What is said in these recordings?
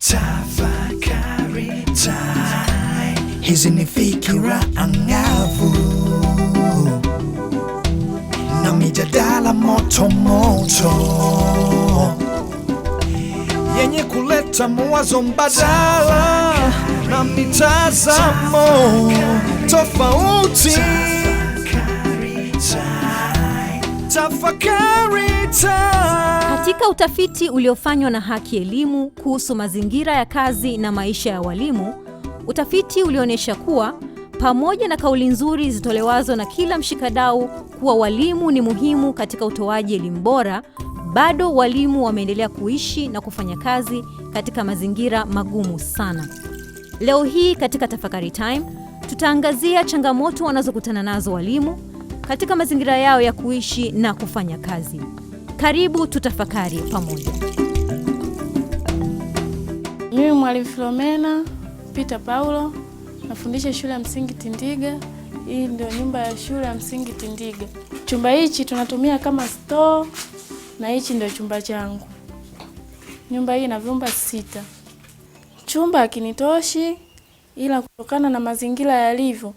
Tafakari time. Hizi ni fikira angavu na mijadala moto yenye kuleta mwazo mbadala na mitazamo tofauti. Tafakari katika utafiti uliofanywa na Haki Elimu kuhusu mazingira ya kazi na maisha ya walimu, utafiti ulionyesha kuwa pamoja na kauli nzuri zitolewazo na kila mshikadau kuwa walimu ni muhimu katika utoaji elimu bora, bado walimu wameendelea kuishi na kufanya kazi katika mazingira magumu sana. Leo hii katika Tafakari Time tutaangazia changamoto wanazokutana nazo walimu katika mazingira yao ya kuishi na kufanya kazi. Karibu tutafakari pamoja. Mimi mwalimu Filomena Peter Paulo nafundisha shule ya msingi Tindiga. Hii ndio nyumba ya shule ya msingi Tindiga. Chumba hichi tunatumia kama store na hichi ndio chumba changu. Nyumba hii ina vyumba sita. Chumba hakinitoshi, ila kutokana na mazingira yalivyo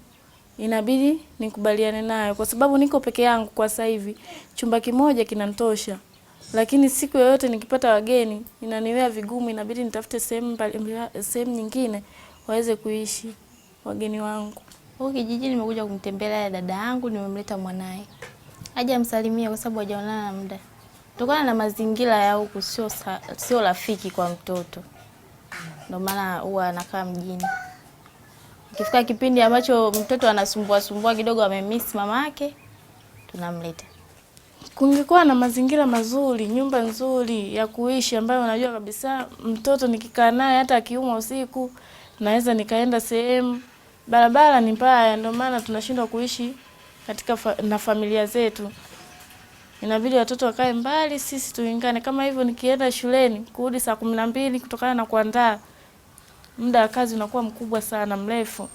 inabidi nikubaliane nayo, kwa sababu niko peke yangu kwa sasa hivi. Chumba kimoja kinanitosha, lakini siku yoyote nikipata wageni inaniwea vigumu, inabidi nitafute sehemu sehemu nyingine waweze kuishi wageni wangu. Huko kijijini nimekuja kumtembelea dada yangu, nimemleta mwanaye aje amsalimie, kwa sababu hajaonana na muda, kutokana na mazingira ya huku sio rafiki kwa mtoto, ndio maana huwa anakaa mjini ikifika kipindi ambacho mtoto anasumbua sumbua kidogo, amemiss mama yake, tunamleta. Kungekuwa na mazingira mazuri, nyumba nzuri ya kuishi, ambayo unajua kabisa mtoto nikikaa naye hata akiumwa usiku naweza nikaenda sehemu. Barabara ni mbaya, ndio maana tunashindwa kuishi katika fa na familia zetu, inabidi watoto wakae mbali, sisi tuingane. Kama hivyo nikienda shuleni kurudi saa kumi na mbili kutokana na kuandaa muda wa kazi unakuwa mkubwa sana mrefu,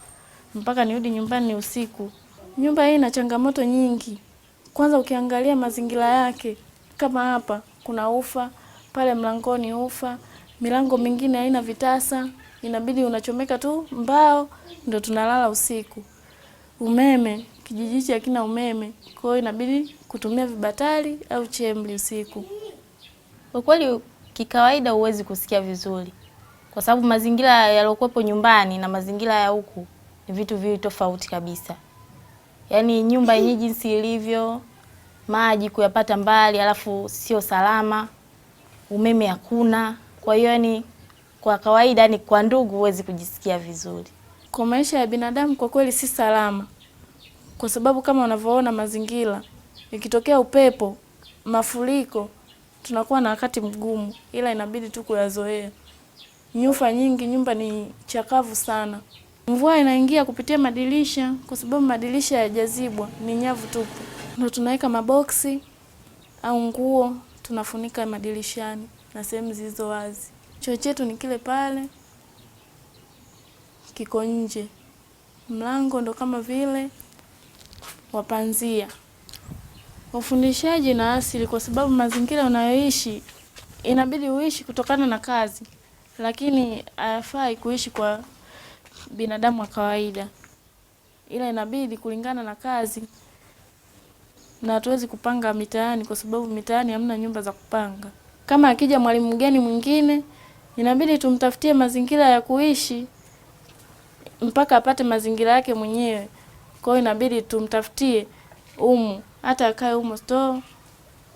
mpaka nirudi nyumbani ni usiku. Nyumba hii ina changamoto nyingi. Kwanza ukiangalia mazingira yake, kama hapa kuna ufa pale mlangoni, ufa milango mingine haina vitasa, inabidi unachomeka tu mbao ndo tunalala usiku. Umeme kijiji hichi hakina umeme, kwa hiyo inabidi kutumia vibatari au chemli usiku. Kwa kweli kikawaida huwezi kusikia vizuri kwa sababu mazingira yaliokuwepo nyumbani na mazingira ya huku ni vitu viwili tofauti kabisa. Yaani nyumba yenyewe jinsi ilivyo, maji kuyapata mbali, alafu sio salama, umeme hakuna. Kwa hiyo yani kwa kawaida, ni yaani kwa ndugu huwezi kujisikia vizuri. Kwa maisha ya binadamu kwa kweli si salama, kwa sababu kama unavyoona mazingira, ikitokea upepo, mafuriko, tunakuwa na wakati mgumu, ila inabidi tu kuyazoea nyufa nyingi, nyumba ni chakavu sana. Mvua inaingia kupitia madirisha, kwa sababu madirisha hayajazibwa, ni nyavu tupu. ndo tunaweka maboksi au nguo tunafunika madirishani na sehemu zilizo wazi. Choo chetu ni kile pale kiko nje, mlango ndo kama vile wapanzia. Ufundishaji na asili, kwa sababu mazingira unayoishi inabidi uishi kutokana na kazi lakini hayafai ah, kuishi kwa binadamu wa kawaida, ila inabidi kulingana na kazi, na hatuwezi kupanga mitaani kwa sababu mitaani hamna nyumba za kupanga. Kama akija mwalimu mgeni mwingine, inabidi tumtafutie mazingira ya kuishi mpaka apate mazingira yake mwenyewe. Kwa hiyo inabidi tumtafutie umu, hata akae umo store,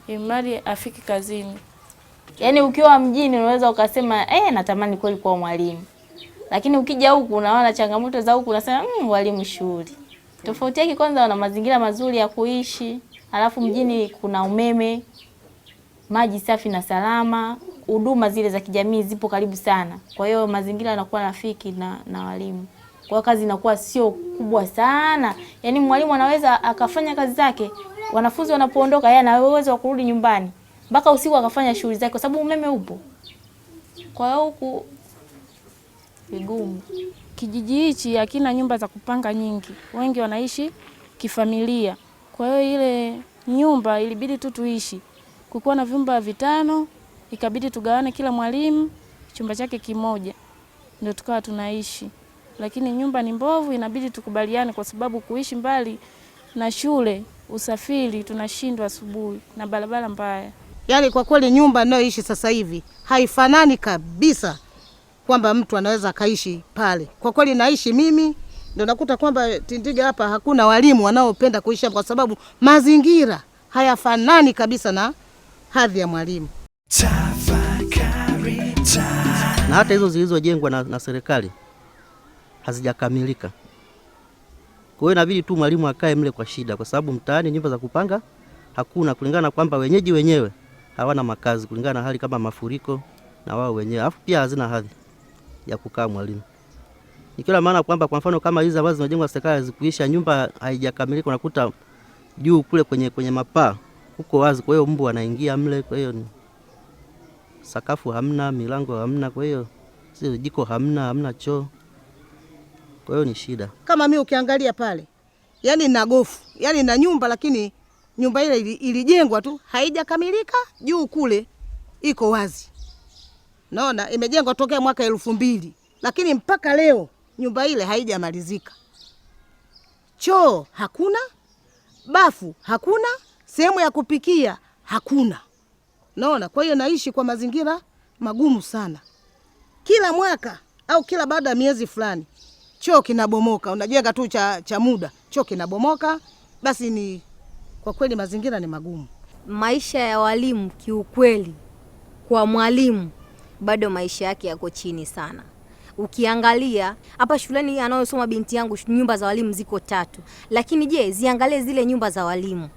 imradi afike kazini. Yaani ukiwa mjini unaweza ukasema eh, natamani kweli kuwa mwalimu, lakini ukija huku unaona changamoto za huku unasema mmm, walimu shule. Tofauti yake kwanza, wana mazingira mazuri ya kuishi, alafu mjini kuna umeme, maji safi na salama, huduma zile za kijamii zipo karibu sana. Kwa hiyo mazingira yanakuwa rafiki na, na walimu kwa hiyo kazi inakuwa sio kubwa sana, yaani mwalimu anaweza akafanya kazi zake, wanafunzi wanapoondoka, yeye anaweza kurudi nyumbani mpaka usiku akafanya shughuli zake, kwa sababu umeme upo. Kwa hiyo huku vigumu. Kijiji hichi hakina nyumba za kupanga nyingi, wengi wanaishi kifamilia. Kwa hiyo ile nyumba ilibidi tu tuishi, kukuwa na vyumba vitano, ikabidi tugawane, kila mwalimu chumba chake kimoja, ndio tukawa tunaishi. Lakini nyumba ni mbovu, inabidi tukubaliane, kwa sababu kuishi mbali na shule, usafiri tunashindwa asubuhi, na barabara mbaya. Yaani kwa kweli nyumba ninayoishi sasa hivi haifanani kabisa kwamba mtu anaweza akaishi pale. Kwa kweli naishi mimi ndio nakuta kwamba Tindiga hapa hakuna walimu wanaopenda kuishi kwa sababu mazingira hayafanani kabisa na hadhi ya mwalimu. Na hata hizo zilizojengwa na, na serikali hazijakamilika. Kwa hiyo inabidi tu mwalimu akae mle kwa shida, kwa sababu mtaani nyumba za kupanga hakuna, kulingana na kwamba wenyeji wenyewe hawana makazi kulingana na hali kama mafuriko na wao wenyewe, alafu pia hazina hadhi ya kukaa Mwalimu. Nikiwa maana kwamba kwa mfano kama hizi ambazo zinajengwa serikali hazikuisha, nyumba haijakamilika, unakuta juu kule kwenye, kwenye mapaa huko wazi, kwa hiyo mbu anaingia mle, kwa hiyo sakafu hamna, milango hamna, kwa hiyo sio jiko hamna, hamna choo, kwa hiyo ni shida. Kama mi ukiangalia pale, yani na gofu, yani na nyumba lakini nyumba ile ilijengwa tu, haijakamilika. Juu kule iko wazi, naona imejengwa tokea mwaka elfu mbili, lakini mpaka leo nyumba ile haijamalizika. Choo hakuna, bafu hakuna, sehemu ya kupikia hakuna, naona. Kwa hiyo naishi kwa mazingira magumu sana. Kila mwaka au kila baada ya miezi fulani choo kinabomoka, unajenga tu cha, cha muda, choo kinabomoka, basi ni kwa kweli mazingira ni magumu. Maisha ya walimu kiukweli, kwa mwalimu bado maisha yake yako chini sana. Ukiangalia hapa shuleni anayosoma binti yangu, nyumba za walimu ziko tatu, lakini je, ziangalie zile nyumba za walimu,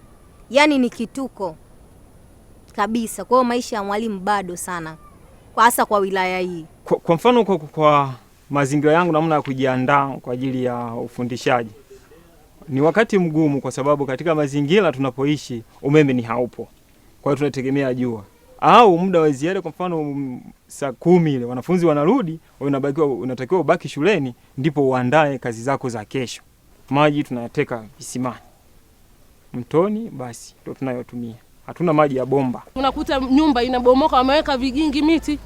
yaani ni kituko kabisa. Kwa hiyo maisha ya mwalimu bado sana, hasa kwa wilaya hii. Kwa, kwa mfano kwa, kwa mazingira yangu, namna ya kujiandaa kwa ajili ya ufundishaji ni wakati mgumu, kwa sababu katika mazingira tunapoishi umeme ni haupo, kwa hiyo tunategemea jua au muda wa ziada. Kwa mfano um, saa kumi ile wanafunzi wanarudi, unabakiwa unatakiwa ubaki shuleni, ndipo uandae kazi zako za kesho. Maji tunayateka visimani, mtoni, basi ndio tunayotumia. Hatuna maji ya bomba. Unakuta nyumba inabomoka, wameweka vigingi, miti,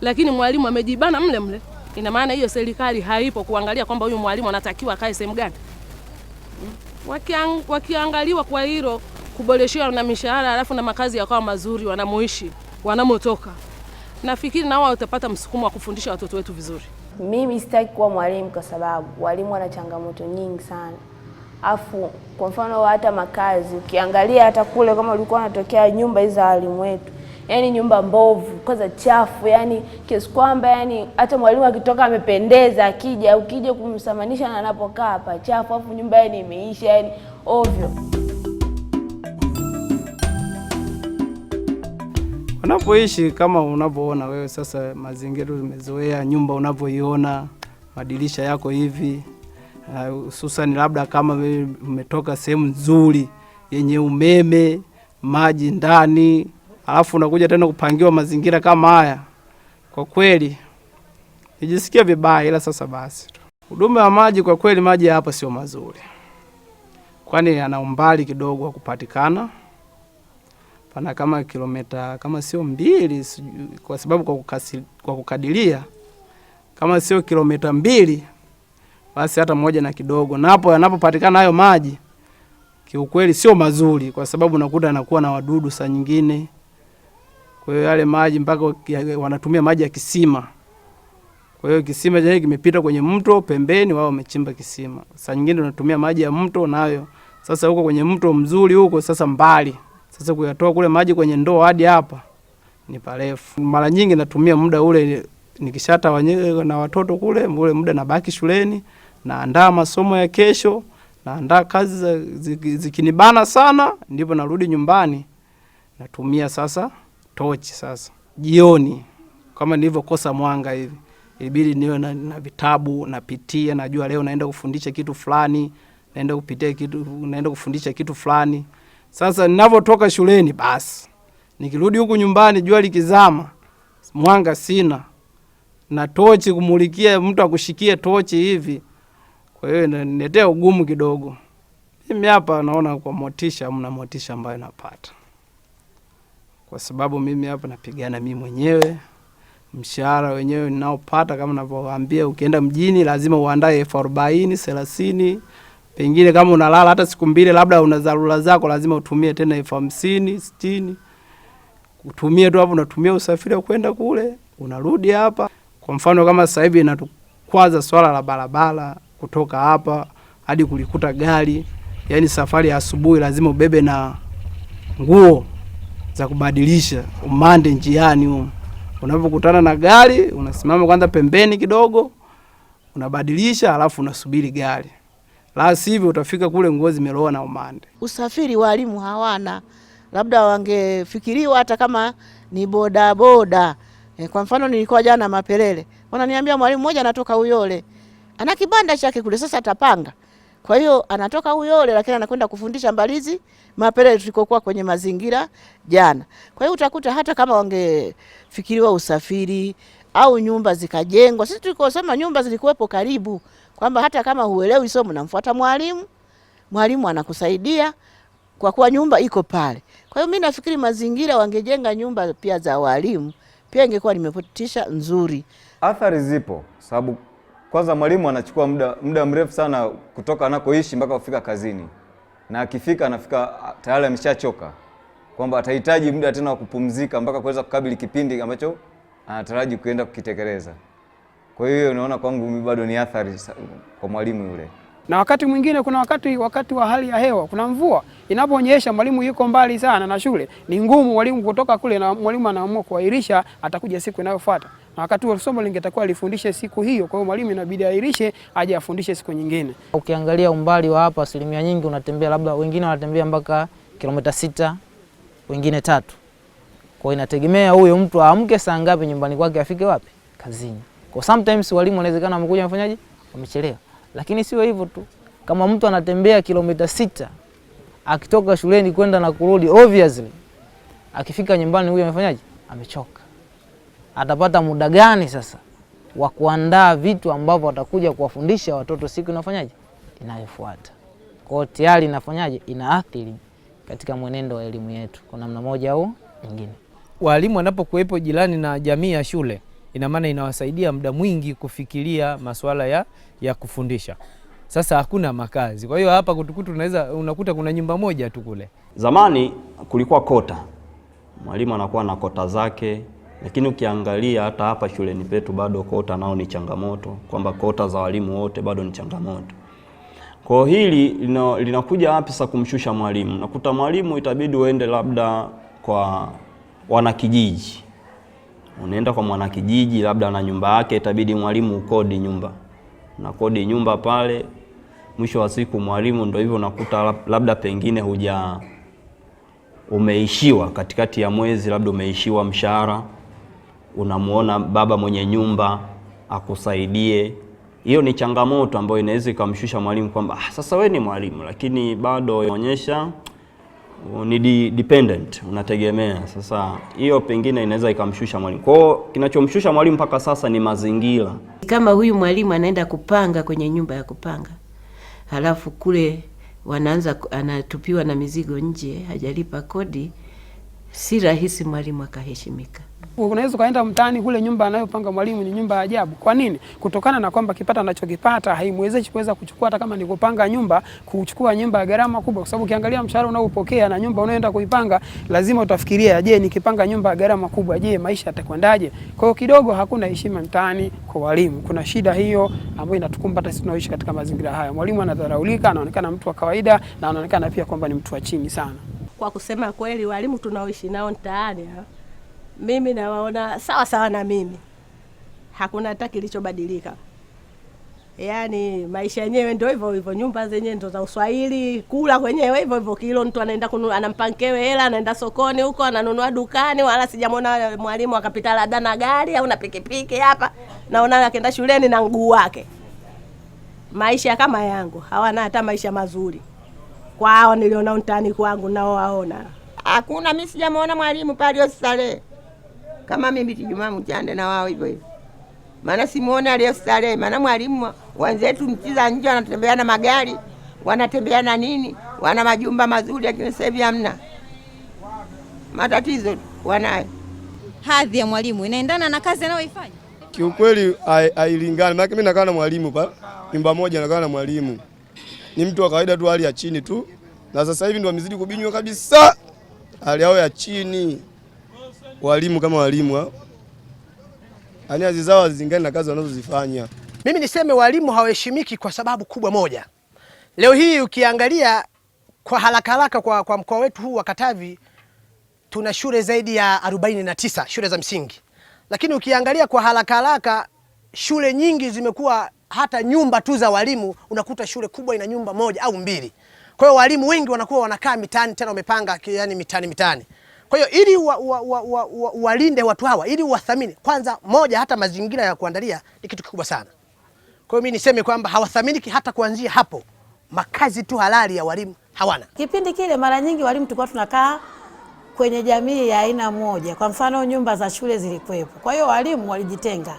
lakini mwalimu amejibana mle mle. Ina maana hiyo serikali haipo kuangalia kwamba huyu mwalimu anatakiwa akae sehemu gani wakiang, wakiangaliwa kwa hilo kuboreshiwa na mishahara, halafu na makazi yakawa mazuri wanamoishi, wanamotoka, nafikiri nao watapata msukumo wa kufundisha watoto wetu vizuri. Mimi sitaki kuwa mwalimu kwa sababu walimu wana changamoto nyingi sana, afu kwa mfano hata makazi ukiangalia hata kule, kama ulikuwa unatokea nyumba hizi za walimu wetu yani nyumba mbovu, kwanza chafu, yani kiasi kwamba yani hata mwalimu akitoka amependeza, akija ukija kumsamanisha na anapokaa hapa chafu, afu nyumba yani imeisha, yani ovyo. Unapoishi kama unavyoona wewe sasa, mazingira umezoea, nyumba unavyoiona, madirisha yako hivi, hususani uh, labda kama umetoka sehemu nzuri yenye umeme, maji ndani alafu unakuja tena kupangiwa mazingira kama haya, kwa kweli nijisikia vibaya, ila sasa basi tu. Huduma ya maji kwa kweli, maji hapa sio mazuri, kwani yana umbali kidogo wa kupatikana, pana kama kilomita kama sio mbili, kwa sababu kwa, kukasi, kwa kukadiria kama sio kilomita mbili basi hata moja na kidogo, na hapo yanapopatikana hayo maji kiukweli sio mazuri, kwa sababu nakuta anakuwa na wadudu saa nyingine kwa hiyo yale maji mpaka wanatumia maji ya kisima. Kwa hiyo kisima chenyewe kimepita kwenye mto pembeni, wao wamechimba kisima. Saa nyingine unatumia maji ya mto nayo. Sasa huko kwenye mto mzuri huko sasa mbali. Sasa kuyatoa kule maji kwenye ndoo hadi hapa ni parefu. Mara nyingi natumia muda ule nikishata wenyewe na watoto kule, ule muda nabaki shuleni, naandaa masomo ya kesho, naandaa kazi zikinibana sana, ndipo narudi nyumbani natumia sasa tochi. Sasa jioni, kama nilivyokosa mwanga hivi, ilibidi niwe na, na vitabu napitia, najua leo naenda kufundisha kitu fulani, naenda kupitia kitu, naenda kufundisha kitu fulani. Sasa ninavyotoka shuleni, basi nikirudi huku nyumbani, jua likizama, mwanga sina na tochi kumulikia, mtu akushikie tochi hivi, kwa hiyo inaniletea ugumu kidogo. Mimi hapa naona kwa motisha, mna motisha ambayo napata kwa sababu mimi hapa napigana mimi mwenyewe, mshahara wenyewe ninaopata kama ninavyowaambia, ukienda mjini lazima uandae elfu arobaini thelathini pengine kama unalala hata siku mbili, labda una dharura zako, lazima utumie tena elfu hamsini sitini utumie tu hapo. Unatumia usafiri wa kwenda kule, unarudi hapa. Kwa mfano kama sasa hivi inatukwaza swala la barabara, kutoka hapa hadi kulikuta gari, yaani safari ya asubuhi lazima ubebe na nguo za kubadilisha umande njiani huo. Unapokutana na gari unasimama kwanza pembeni kidogo, unabadilisha alafu unasubiri gari, la sivyo utafika kule nguo zimeloa na umande. Usafiri walimu hawana, labda wangefikiriwa hata kama ni boda boda. E, kwa mfano nilikuwa jana Mapelele, wananiambia mwalimu mmoja anatoka Uyole ana kibanda chake kule, sasa atapanga kwa hiyo anatoka Uyole lakini anakwenda kufundisha Mbalizi Mapele tulikokuwa kwenye mazingira jana. Kwa hiyo utakuta hata kama wangefikiriwa usafiri au nyumba zikajengwa, sisi tulikosema nyumba zilikuwepo karibu, kwamba hata kama huelewi somo namfuata mwalimu, mwalimu anakusaidia kwa kuwa nyumba iko pale. Kwa hiyo mimi nafikiri mazingira wangejenga nyumba pia za walimu, pia ingekuwa nimepotisha nzuri. Athari zipo sababu kwanza mwalimu anachukua muda muda mrefu sana kutoka anakoishi mpaka kufika kazini, na akifika anafika tayari ameshachoka, kwamba atahitaji muda tena wa kupumzika mpaka kuweza kukabili kipindi ambacho anataraji kuenda kukitekeleza. Kwa hiyo unaona, kwangu mimi bado ni athari kwa mwalimu yule. Na wakati mwingine kuna wakati wakati wa hali ya hewa, kuna mvua inaponyesha, mwalimu yuko mbali sana na shule, ni ngumu mwalimu kutoka kule, na mwalimu anaamua kuahirisha, atakuja siku inayofuata na wakati wa somo lingetakuwa alifundishe siku hiyo, kwa hiyo mwalimu inabidi airishe aje afundishe siku nyingine. Ukiangalia umbali wa hapa, asilimia nyingi unatembea labda, wengine wanatembea mpaka kilomita sita, wengine tatu. Kwa inategemea huyo mtu aamke saa ngapi nyumbani kwake, afike wapi kazini. Kwa sometimes walimu wanawezekana wamekuja wamefanyaje, wamechelewa, lakini sio hivyo tu. Kama mtu anatembea kilomita sita akitoka shuleni kwenda na kurudi, obviously akifika nyumbani huyo amefanyaje, amechoka atapata muda gani sasa wa kuandaa vitu ambavyo atakuja kuwafundisha watoto siku inafanyaje inayofuata. Kwa hiyo tayari inafanyaje inaathiri katika mwenendo wa elimu yetu kwa namna moja au nyingine. Walimu wanapokuwepo jirani na jamii ya shule, ina maana inawasaidia muda mwingi kufikiria masuala ya, ya kufundisha. Sasa hakuna makazi, kwa hiyo hapa Kutukutu unaweza unakuta kuna nyumba moja tu kule. Zamani kulikuwa kota, mwalimu anakuwa na kota zake lakini ukiangalia hata hapa shuleni petu bado kota nao ni changamoto, kwamba kota za walimu wote bado ni changamoto. Kwa hili linakuja wapi sasa kumshusha mwalimu? Nakuta mwalimu itabidi uende labda kwa wanakijiji, unaenda kwa mwanakijiji, labda na nyumba yake, itabidi mwalimu ukodi nyumba na kodi nyumba pale. Mwisho wa siku mwalimu ndio hivyo, nakuta labda pengine huja umeishiwa katikati ya mwezi, labda umeishiwa mshahara unamwona baba mwenye nyumba akusaidie. Hiyo ni changamoto ambayo inaweza ikamshusha mwalimu kwamba ah, sasa we ni mwalimu, lakini bado inaonyesha ni dependent, unategemea. Sasa hiyo pengine inaweza ikamshusha mwalimu. Kwa hiyo kinachomshusha mwalimu mpaka sasa ni mazingira. Kama huyu mwalimu anaenda kupanga kwenye nyumba ya kupanga, halafu kule wanaanza anatupiwa na mizigo nje, hajalipa kodi, si rahisi mwalimu akaheshimika unaweza ukaenda mtaani kule, nyumba anayopanga mwalimu ni nyumba ya ajabu. Kwa nini? Kutokana na kwamba kipato anachokipata haimwezeshi kuweza kuchukua, hata kama ni kupanga nyumba, kuchukua nyumba ya gharama kubwa, kwa sababu ukiangalia mshahara unaopokea na nyumba unayoenda kuipanga, lazima utafikiria, je, nikipanga nyumba ya gharama kubwa, je, maisha yatakwendaje? Kwa hiyo kidogo hakuna heshima mtaani kwa walimu. Kuna shida hiyo ambayo inatukumba hata sisi tunaoishi katika mazingira haya. Mwalimu anadharaulika, anaonekana mtu wa kawaida na anaonekana pia kwamba ni mtu wa chini sana. Kwa kusema kweli, walimu tunaoishi nao mtaani mimi nawaona sawa sawa na mimi, hakuna hata kilichobadilika. Yaani maisha yenyewe ndio hivyo hivyo, nyumba zenyewe ndio za Uswahili, kula kwenyewe hivyo hivyo, kilo mtu anaenda kununua, anampa mkewe hela, anaenda sokoni huko ananunua dukani. Wala sijamwona mwalimu akapita labda na gari au na pikipiki hapa, naona akienda shuleni na mguu wake. Maisha kama yangu hawana hata maisha mazuri kwao, hao niliona mtaani kwangu, nao waona hakuna. Mimi sijamwona mwalimu pale hospitali kama mimi Ijumaa mchande na wao hivyo hivyo, maana simuone aliyostarehe. Maana mwalimu wenzetu mchiza nje, wanatembea na magari, wanatembea na nini, wana majumba mazuri, lakini sasa hivi hamna. Matatizo wanayo. Hadhi ya mwalimu inaendana na kazi anayoifanya kiukweli, hailingani. Maana mimi nakaa na mwalimu pa nyumba moja, nakaa na mwalimu ni mtu wa kawaida tu, hali ya chini tu, na sasa hivi ndo amezidi kubinywa kabisa hali yao ya chini walimu kama walimu yaani kazi zao hazilingani na kazi wanazozifanya. Mimi niseme walimu hawaheshimiki kwa sababu kubwa moja. Leo hii ukiangalia kwa haraka haraka kwa, kwa mkoa wetu huu wa Katavi tuna shule zaidi ya 49 shule za msingi, lakini ukiangalia kwa haraka haraka shule nyingi zimekuwa hata nyumba tu za walimu, unakuta shule kubwa ina nyumba moja au mbili. Kwa hiyo walimu wengi wanakuwa wanakaa mitaani tena wamepanga yani mitaani mitaani kwa hiyo ili walinde wa, wa, wa, wa, watu hawa ili wathamini kwanza, moja, hata mazingira ya kuandalia ni kitu kikubwa sana. Kwa hiyo mimi niseme kwamba hawathaminiki hata kuanzia hapo, makazi tu halali ya walimu hawana. Kipindi kile mara nyingi walimu tulikuwa tunakaa kwenye jamii ya aina moja, kwa mfano nyumba za shule zilikuwepo, kwa hiyo walimu walijitenga,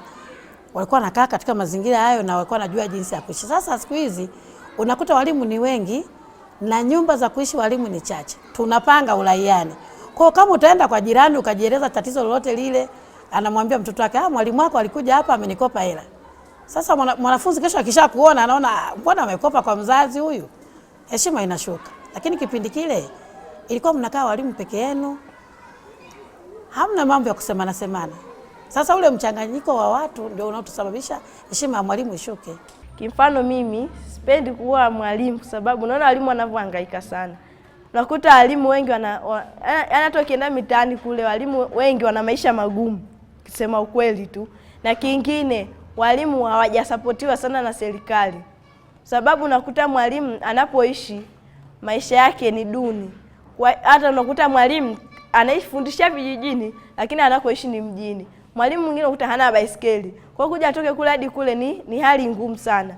walikuwa nakaa katika mazingira hayo na walikuwa wanajua jinsi ya kuishi. Sasa siku hizi unakuta walimu ni wengi na nyumba za kuishi walimu ni chache, tunapanga uraiani. Kwa kama utaenda kwa jirani ukajieleza tatizo lolote lile, anamwambia mtoto wake, ah, mwalimu wako alikuja hapa amenikopa hela. Sasa mwanafunzi kesho akisha kuona anaona ah, mbona amekopa kwa mzazi huyu, heshima inashuka. Lakini kipindi kile ilikuwa mnakaa walimu peke yenu, hamna mambo ya kusemana semana. Sasa ule mchanganyiko wa watu ndio unaotusababisha heshima ya mwalimu ishuke. Kimfano mimi sipendi kuwa mwalimu kwa sababu naona walimu wanavyohangaika sana unakuta walimu wengi wana, yaani hata ukienda mitaani kule walimu wengi wana maisha magumu, kusema ukweli tu, na kingine walimu hawajasapotiwa sana na serikali, sababu unakuta mwalimu anapoishi maisha yake ni duni. Hata unakuta mwalimu anaifundisha vijijini, lakini anakoishi ni mjini. Mwalimu mwingine unakuta hana baisikeli, kwa kuja atoke kule hadi kule ni, ni hali ngumu sana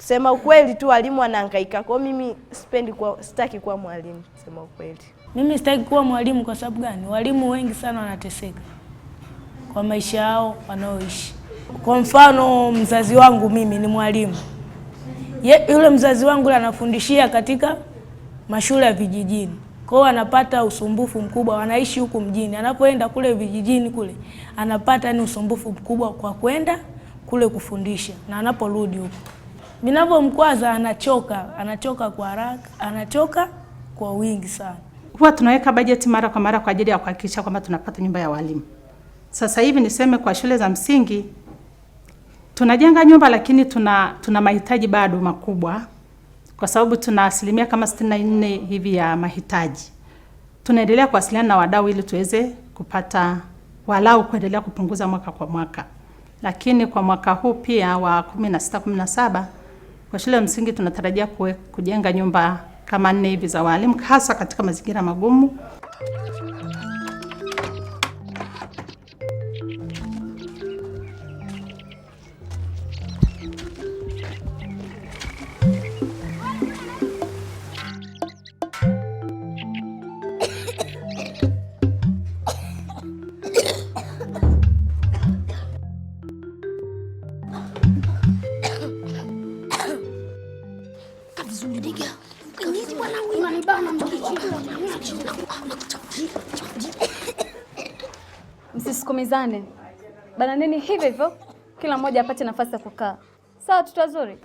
kusema ukweli tu walimu wanahangaika. Kwa hiyo mimi sipendi kwa, sitaki kuwa mwalimu kusema ukweli. Mimi sitaki kuwa mwalimu kwa sababu gani? Walimu wengi sana wanateseka kwa maisha yao wanaoishi. Kwa mfano mzazi wangu mimi ni mwalimu ye, yule mzazi wangu anafundishia katika mashule ya vijijini, kwa hiyo anapata usumbufu mkubwa. Wanaishi huku mjini, anapoenda kule vijijini kule anapata ni usumbufu mkubwa kwa kwenda kule kufundisha na anaporudi huku Vinavyomkwaza anachoka, anachoka kwa haraka, anachoka kwa wingi sana. Huwa tunaweka bajeti mara kwa mara kwa ajili ya kuhakikisha kwamba tunapata nyumba ya walimu. Sasa hivi niseme kwa shule za msingi tunajenga nyumba lakini tuna, tuna mahitaji bado makubwa kwa sababu tuna asilimia kama 64 hivi ya mahitaji. Tunaendelea kuwasiliana na wadau ili tuweze kupata walau kuendelea kupunguza mwaka kwa mwaka, lakini kwa mwaka huu pia wa 16 17 kwa shule ya msingi tunatarajia kujenga nyumba kama nne hivi za walimu hasa katika mazingira magumu. Tusikumizane bana, nini hivyo hivyo, kila mmoja apate nafasi ya kukaa sawa. Tuta zuri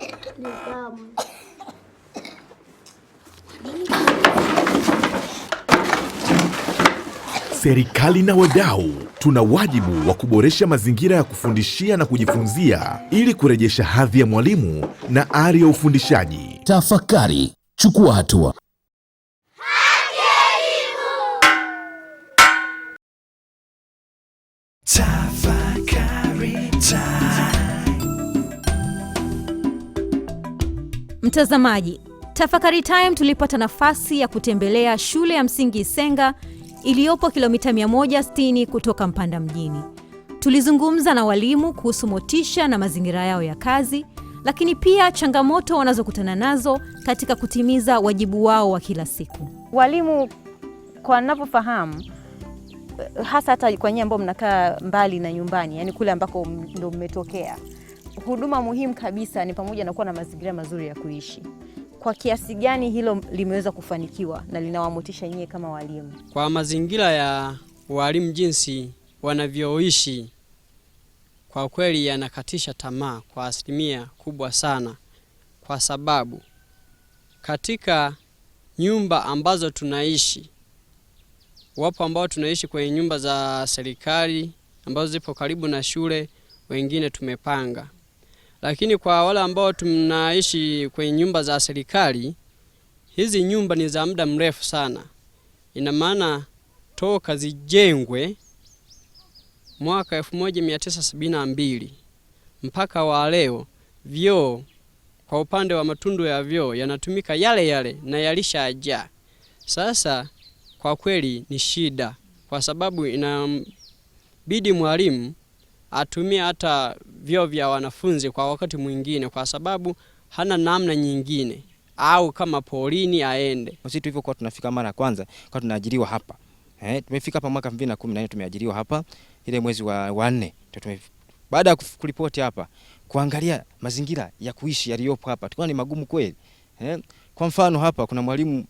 Serikali na wadau tuna wajibu wa kuboresha mazingira ya kufundishia na kujifunzia ili kurejesha hadhi ya mwalimu na ari ya ufundishaji. Tafakari, chukua hatua. Mtazamaji, Tafakari Time tulipata nafasi ya kutembelea shule ya msingi Isenga iliyopo kilomita 160 kutoka Mpanda mjini. Tulizungumza na walimu kuhusu motisha na mazingira yao ya kazi, lakini pia changamoto wanazokutana nazo katika kutimiza wajibu wao wa kila siku. Walimu kwa navyofahamu, hasa hata kwa nyinyi ambao mnakaa mbali na nyumbani, yani kule ambako ndo mmetokea huduma muhimu kabisa ni pamoja na kuwa na mazingira mazuri ya kuishi. Kwa kiasi gani hilo limeweza kufanikiwa na linawamotisha nyie kama walimu? Kwa mazingira ya walimu jinsi wanavyoishi kwa kweli yanakatisha tamaa kwa asilimia kubwa sana, kwa sababu katika nyumba ambazo tunaishi, wapo ambao tunaishi kwenye nyumba za serikali ambazo zipo karibu na shule, wengine tumepanga lakini kwa wale ambao tunaishi kwenye nyumba za serikali, hizi nyumba ni za muda mrefu sana. Ina maana toka zijengwe mwaka 1972 mpaka wa leo, vyoo kwa upande wa matundu ya vyoo yanatumika yale yale na yalishaja Sasa kwa kweli ni shida, kwa sababu inambidi mwalimu atumie hata vyo vya wanafunzi kwa wakati mwingine, kwa sababu hana namna nyingine, au kama polini aende. Sisi tulivyokuwa tunafika mara ya kwanza kwa tunaajiriwa hapa eh, tumefika hapa mwaka 2014 tumeajiriwa hapa ile mwezi wa nne baada ya kuripoti hapa kuangalia mazingira ya kuishi yaliyopo hapa tukaona ni magumu kweli eh. Kwa mfano hapa kuna mwalimu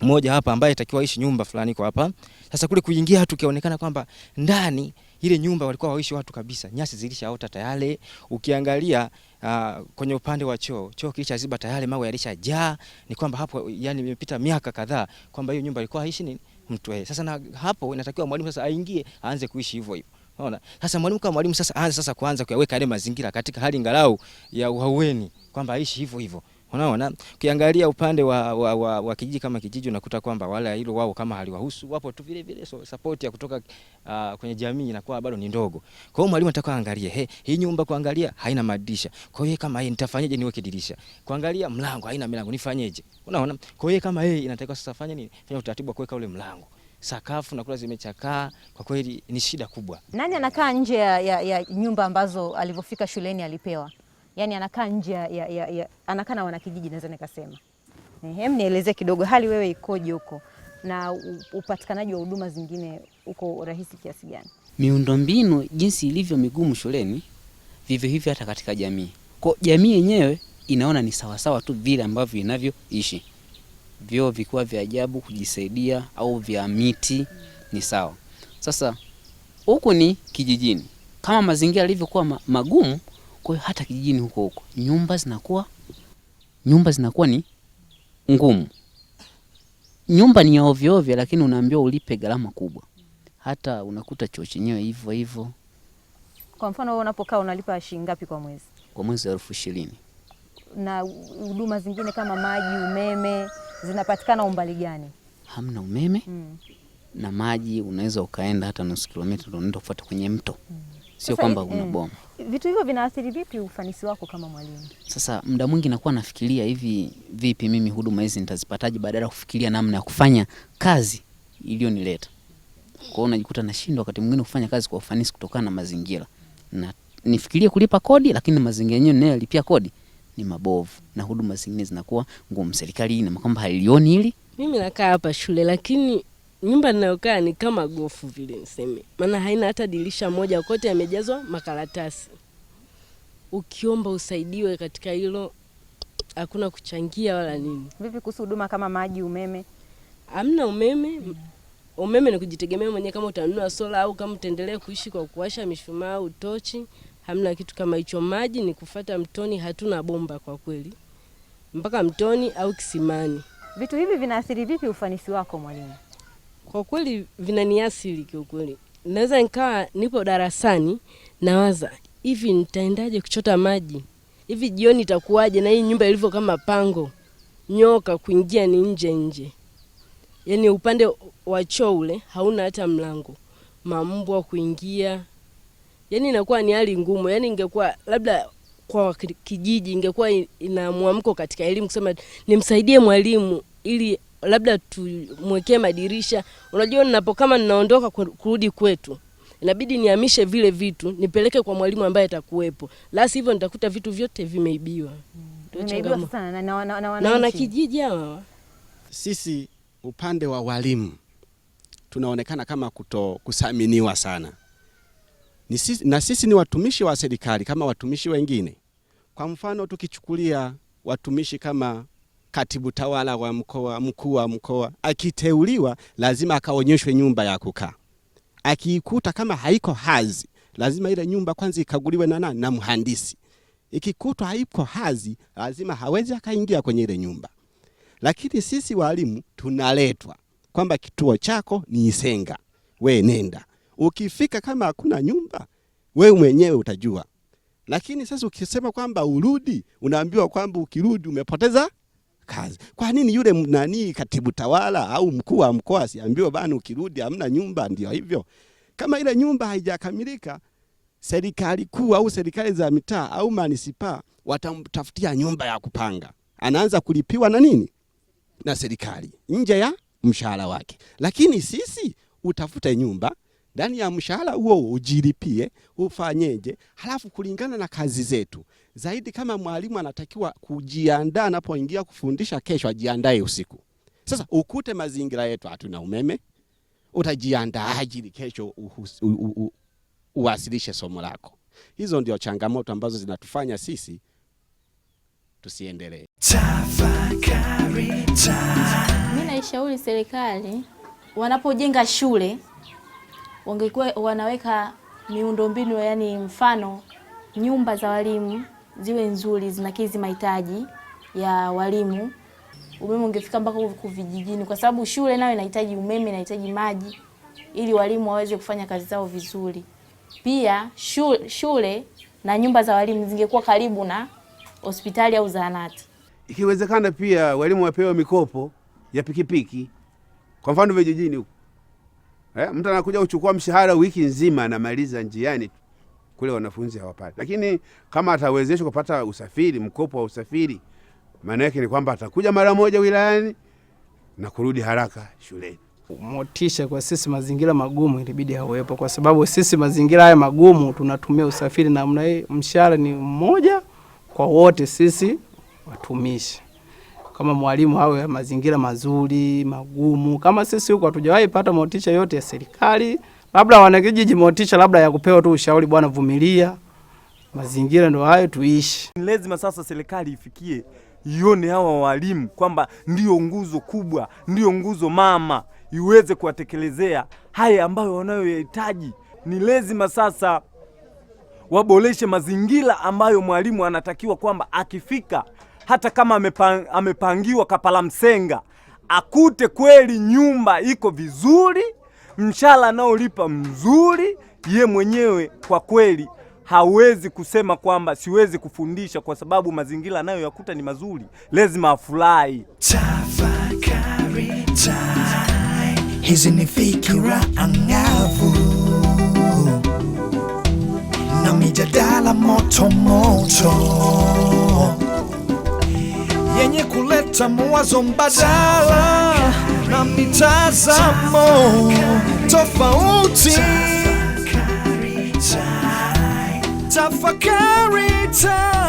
mmoja hapa ambaye atakiwa ishi nyumba fulani kwa hapa. Sasa kule kuingia hatu kionekana kwamba ndani ile nyumba walikuwa waishi watu kabisa, nyasi zilishaota tayari. Ukiangalia uh, kwenye upande wa choo, choo kilishaziba tayari, mawe yalishajaa. Ni kwamba hapo, yani imepita miaka kadhaa kwamba hiyo nyumba ilikuwa haishi nini mtu eh. Sasa na hapo inatakiwa mwalimu sasa aingie aanze kuishi hivyo hivyo. Unaona? Sasa mwalimu kama mwalimu sasa aanze sasa kuanza kuyaweka yale mazingira katika hali ngalau ya uhaweni kwamba aishi hivyo hivyo. Unaona, ukiangalia upande wa, wa, wa, wa kijiji kama kijiji unakuta kwamba wale hilo wao kama haliwahusu, wapo tu vile vile, so support ya kutoka uh, kwenye jamii inakuwa bado ni ndogo. Kwa hiyo mwalimu atakuwa angalie, he, hii nyumba kuangalia haina madirisha. Kwa hiyo kama hii nitafanyaje niweke dirisha? Kuangalia mlango haina milango, nifanyeje? Unaona? Kwa hiyo kama hii inatakiwa sasa fanye nini? Fanya utaratibu wa kuweka ule mlango. Sakafu na kula zimechakaa, kwa kweli ni shida kubwa. Nani anakaa nje ya, ya, ya nyumba ambazo alivyofika shuleni alipewa? yani anakaa nje ya, ya, ya, anakaa na wanakijiji naweza nikasema. Hem, nielezee kidogo hali wewe ikoje huko na upatikanaji wa huduma zingine uko rahisi kiasi gani? Miundombinu jinsi ilivyo migumu shuleni, vivyo hivyo hata katika jamii. Kwa jamii yenyewe inaona ni sawasawa tu vile ambavyo inavyoishi, vyoo vikuwa vya ajabu kujisaidia au vya miti ni sawa. Sasa huku ni kijijini, kama mazingira yalivyokuwa magumu kwa hiyo hata kijijini huko huko nyumba zinakuwa nyumba zinakuwa ni ngumu. Nyumba ni ya ovyo ovyo, lakini unaambiwa ulipe gharama kubwa. Hata unakuta choo chenyewe hivyo hivyo. Kwa mfano wewe unapokaa unalipa shilingi ngapi kwa mwezi? Kwa mwezi elfu ishirini. Na huduma zingine kama maji, umeme zinapatikana umbali gani? Hamna umeme mm. na maji unaweza ukaenda hata nusu kilomita ndio unaenda kufuata kwenye mto mm. sio kwamba una bomba mm vitu hivyo vinaathiri vipi ufanisi wako kama mwalimu? Sasa muda mwingi nakuwa nafikiria hivi, vipi mimi huduma hizi nitazipataje, badala ya kufikiria namna ya kufanya kazi iliyonileta. kwao Unajikuta najikuta nashindwa wakati mwingine kufanya kazi kwa ufanisi kutokana na mazingira, na nifikirie kulipa kodi, lakini mazingira yenyewe ninayolipia kodi ni mabovu na huduma zingine zinakuwa ngumu. Serikali ina kwamba hailioni hili. Mimi nakaa hapa shule, lakini nyumba ninayokaa ni kama gofu vile niseme, maana haina hata dirisha moja, kote yamejazwa makaratasi. Ukiomba usaidiwe katika hilo, hakuna kuchangia wala nini. Vipi kuhusu huduma kama maji, umeme? Hamna umeme. Umeme ni kujitegemea mwenyewe, kama utanunua sola au kama utaendelea kuishi kwa kuwasha mishumaa au tochi. Hamna kitu kama hicho. Maji ni kufata mtoni, hatuna bomba kwa kweli, mpaka mtoni au kisimani. Vitu hivi vinaathiri vipi ufanisi wako mwalimu? Kwa kweli vinaniasili kiukweli, naweza nikawa nipo darasani nawaza hivi, nitaendaje kuchota maji hivi, jioni itakuwaje, na hii nyumba ilivyo kama pango, nyoka kuingia ni nje nje, yaani upande wa choo ule hauna hata mlango, mambwa kuingia, yaani inakuwa ni hali ngumu. Yaani ingekuwa labda kwa kijiji ingekuwa ina mwamko katika elimu kusema nimsaidie mwalimu ili labda tumwekee madirisha. Unajua, ninapo kama ninaondoka kurudi kwetu inabidi niamishe vile vitu nipeleke kwa mwalimu ambaye atakuwepo, la sivyo nitakuta vitu vyote vimeibiwa. Vimeibiwa na wanakijiji hawa. Sisi upande wa walimu tunaonekana kama kuto kusaminiwa sana. Ni sisi, na sisi ni watumishi wa serikali kama watumishi wengine. Kwa mfano tukichukulia watumishi kama katibu tawala wa mkoa, mkuu wa mkoa akiteuliwa, lazima akaonyeshwe nyumba ya kukaa. Akiikuta kama haiko hazi, lazima ile nyumba kwanza ikaguliwe na nani? Na mhandisi. Ikikutwa haiko hazi, lazima hawezi akaingia kwenye ile nyumba. Lakini sisi walimu tunaletwa kwamba kituo chako ni Isenga, we nenda. Ukifika kama hakuna nyumba, we mwenyewe utajua. Lakini sasa ukisema kwamba urudi, unaambiwa kwamba ukirudi umepoteza kazi. Kwa nini yule nani katibu tawala au mkuu wa mkoa siambiwe bana, ukirudi hamna nyumba? Ndio hivyo, kama ile nyumba haijakamilika, serikali kuu au serikali za mitaa au manisipaa watamtafutia nyumba ya kupanga, anaanza kulipiwa na nini na serikali nje ya mshahara wake. Lakini sisi utafute nyumba ndani ya mshahara huo ujilipie, ufanyeje? Halafu kulingana na kazi zetu zaidi kama mwalimu anatakiwa kujiandaa anapoingia kufundisha kesho, ajiandae usiku. Sasa ukute mazingira yetu hatuna umeme, utajiandaa ajili kesho uwasilishe somo lako? Hizo ndio changamoto ambazo zinatufanya sisi tusiendelee. Mimi naishauri serikali wanapojenga shule wangekuwa wanaweka miundombinu, yani mfano nyumba za walimu ziwe nzuri, zinakidhi mahitaji ya walimu. Umeme ungefika mpaka huko vijijini, kwa sababu shule nayo inahitaji umeme, inahitaji maji, ili walimu waweze kufanya kazi zao vizuri. Pia shule, shule na nyumba za walimu zingekuwa karibu na hospitali au zahanati. Ikiwezekana pia walimu wapewe mikopo ya pikipiki, kwa mfano vijijini huko eh, mtu anakuja kuchukua mshahara wiki nzima anamaliza njiani tu kule wanafunzi hawapati. Lakini kama atawezeshwa kupata usafiri, mkopo wa usafiri, maana yake ni kwamba atakuja mara moja wilayani na kurudi haraka shuleni. Motisha kwa sisi mazingira magumu ilibidi hawepo, kwa sababu sisi mazingira haya magumu tunatumia usafiri namna hii. Mshahara ni mmoja kwa wote sisi watumishi kama mwalimu awe mazingira mazuri magumu. Kama sisi huko hatujawahi pata motisha yote ya serikali labda wanakijiji motisha labda ya kupewa tu ushauri, bwana vumilia, mazingira ndo hayo, tuishi. Lazima sasa serikali ifikie ione hawa walimu kwamba ndiyo nguzo kubwa, ndio nguzo mama, iweze kuwatekelezea haya ambayo wanayoyahitaji. Ni lazima sasa waboreshe mazingira ambayo mwalimu anatakiwa kwamba akifika, hata kama amepang, amepangiwa msenga akute kweli nyumba iko vizuri mshahara anaolipa mzuri, ye mwenyewe kwa kweli hawezi kusema kwamba siwezi kufundisha kwa sababu mazingira anayoyakuta ni mazuri, lazima afurahi. Tafakari hizi ni fikira angavu na mijadala moto moto yenye kuleta mwazo mbadala na mitazamo tofauti. Tafakari